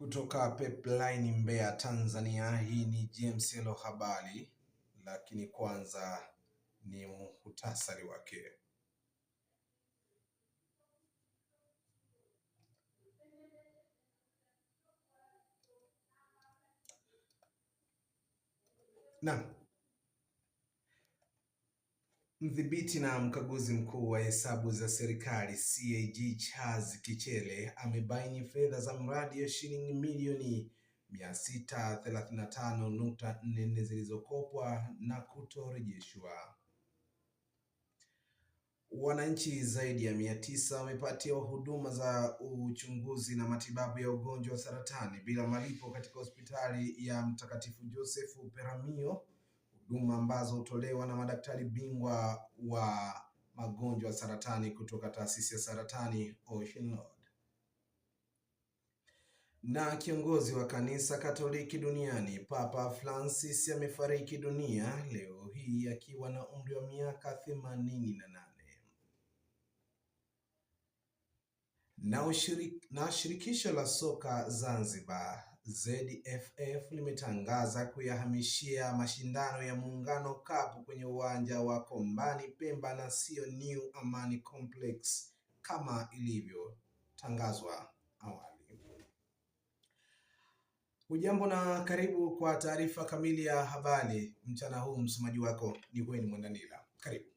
Kutoka Pepline Mbeya, Tanzania. Hii ni James elo habari, lakini kwanza ni muhtasari wake. Naam. Mdhibiti na mkaguzi mkuu wa hesabu za serikali CAG Charles Kichele amebaini fedha za mradi ya shilingi milioni 635.44 zilizokopwa na kutorejeshwa. Wananchi zaidi ya mia tisa wamepatiwa huduma za uchunguzi na matibabu ya ugonjwa wa saratani bila malipo katika hospitali ya Mtakatifu Josefu Peramiho huduma ambazo hutolewa na madaktari bingwa wa magonjwa ya saratani kutoka taasisi ya saratani Ocean Road. Na kiongozi wa kanisa Katoliki duniani Papa Francis amefariki dunia leo hii akiwa na umri wa miaka themanini na nane. Na shirikisho la soka Zanzibar ZFF limetangaza kuyahamishia mashindano ya Muungano Cup kwenye uwanja wa Kombani Pemba na sio New Amani Complex kama ilivyotangazwa awali. ujambo na karibu kwa taarifa kamili ya habari mchana huu, msomaji wako ni Wayne Mwandandila. Karibu.